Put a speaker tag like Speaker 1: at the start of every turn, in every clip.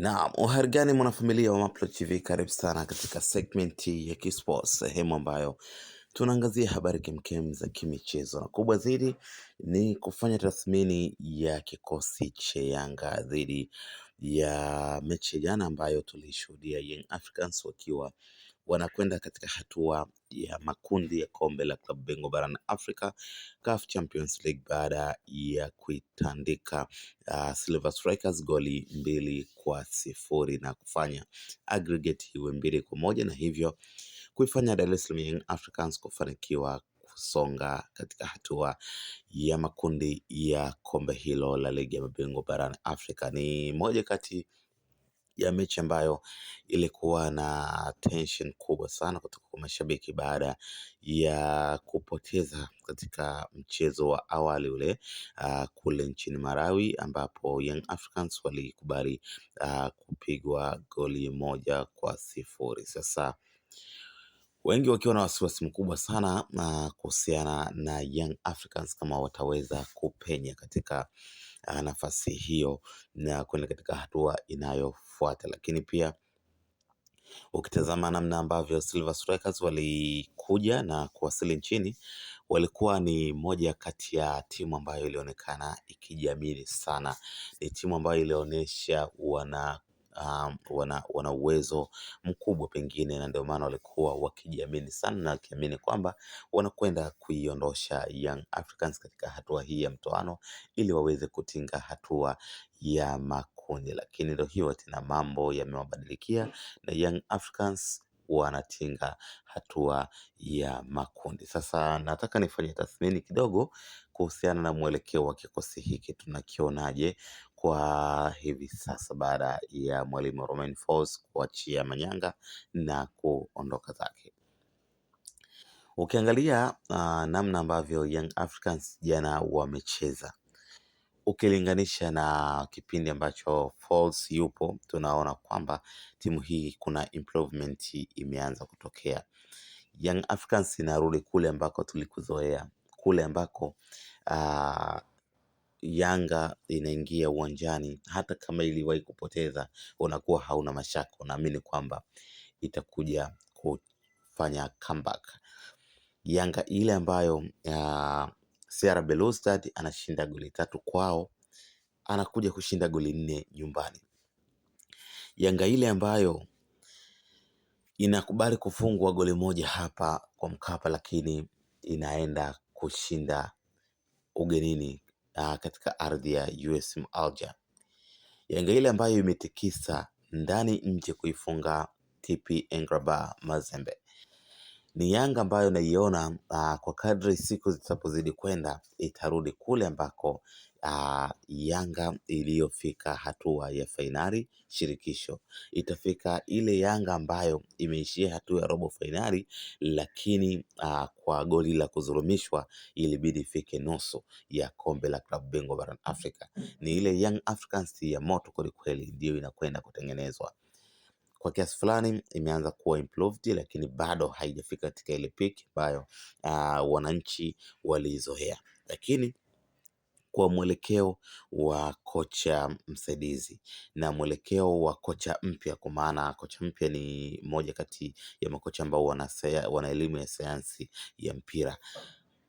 Speaker 1: Naam, uhari gani mwanafamilia wa Mapro TV, karibu sana katika segmenti ya Kisports, sehemu ambayo tunaangazia habari kemkem za kimichezo, na kubwa zaidi ni kufanya tathmini ya kikosi cha Yanga dhidi ya mechi jana ambayo tulishuhudia Young Africans wakiwa wanakwenda katika hatua ya makundi ya kombe la klabu bingwa barani Afrika CAF Champions League baada ya kuitandika uh, Silver Strikers goli mbili kwa sifuri na kufanya aggregate iwe mbili kwa moja na hivyo kuifanya Dar es Salaam Young Africans kufanikiwa kusonga katika hatua ya makundi ya kombe hilo la ligi ya mabingwa barani Afrika. Ni moja kati ya mechi ambayo ilikuwa na tension kubwa sana kutoka kwa mashabiki baada ya kupoteza katika mchezo wa awali ule uh, kule nchini Malawi ambapo Young Africans walikubali uh, kupigwa goli moja kwa sifuri. Sasa wengi wakiwa na wasiwasi mkubwa sana uh, kuhusiana na Young Africans kama wataweza kupenya katika Ah, nafasi hiyo na kwenda katika hatua inayofuata, lakini pia ukitazama namna ambavyo Silver Strikers walikuja na kuwasili nchini, walikuwa ni moja kati ya timu ambayo ilionekana ikijiamini sana. Ni timu ambayo ilionyesha wana um, wana, wana uwezo mkubwa pengine, na ndio maana walikuwa wakijiamini sana na wakiamini kwamba wanakwenda kuiondosha Young Africans katika hatua hii ya mtoano ili waweze kutinga hatua ya makundi, lakini ndio hiyo tena, mambo yamewabadilikia na Young Africans wanatinga hatua ya makundi. Sasa nataka nifanye tathmini kidogo kuhusiana na mwelekeo wa kikosi hiki, tunakionaje? kwa hivi sasa baada ya mwalimu Romain Folz kuachia manyanga na kuondoka zake. Ukiangalia uh, namna ambavyo Young Africans jana wamecheza ukilinganisha na kipindi ambacho Folz yupo, tunaona kwamba timu hii kuna improvement imeanza kutokea. Young Africans inarudi kule ambako tulikuzoea, kule ambako uh, Yanga inaingia uwanjani hata kama iliwahi kupoteza, unakuwa hauna mashaka, unaamini kwamba itakuja kufanya comeback. Yanga ile ambayo CR Belouizdad anashinda goli tatu kwao, anakuja kushinda goli nne nyumbani. Yanga ile ambayo inakubali kufungwa goli moja hapa kwa Mkapa, lakini inaenda kushinda ugenini Ah, katika ardhi ya USM Alger. Yanga ile ambayo imetikisa ndani nje kuifunga TP Engraba Mazembe ni Yanga ambayo naiona ah, kwa kadri siku zitapozidi kwenda itarudi kule ambako uh, Yanga iliyofika hatua ya fainali shirikisho itafika ile Yanga ambayo imeishia hatua ya robo fainali, lakini uh, kwa goli la kudhulumishwa ilibidi ifike nusu ya kombe la klabu bingwa barani Afrika. Ni ile Young Africans ya moto kwelikweli ndiyo inakwenda kutengenezwa kwa kiasi fulani imeanza kuwa improved, lakini bado haijafika katika ile peak ambayo uh, wananchi walizoea, lakini kwa mwelekeo wa kocha msaidizi na mwelekeo wa kocha mpya, kwa maana kocha mpya ni moja kati ya makocha ambao wana elimu ya sayansi ya mpira.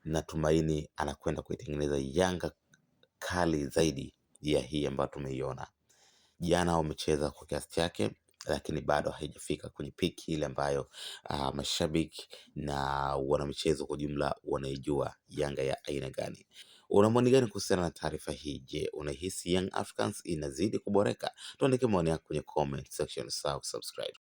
Speaker 1: Natumaini anakwenda kuitengeneza Yanga kali zaidi ya hii ambayo tumeiona jana. Wamecheza kwa kiasi chake, lakini bado haijafika kwenye piki ile ambayo uh, mashabiki na wanamichezo kwa jumla wanaijua Yanga ya aina gani. Una maoni gani kuhusiana na taarifa hii? Je, unahisi Young Africans inazidi kuboreka? Tuandike maoni yako kwenye comment section, sawa, subscribe.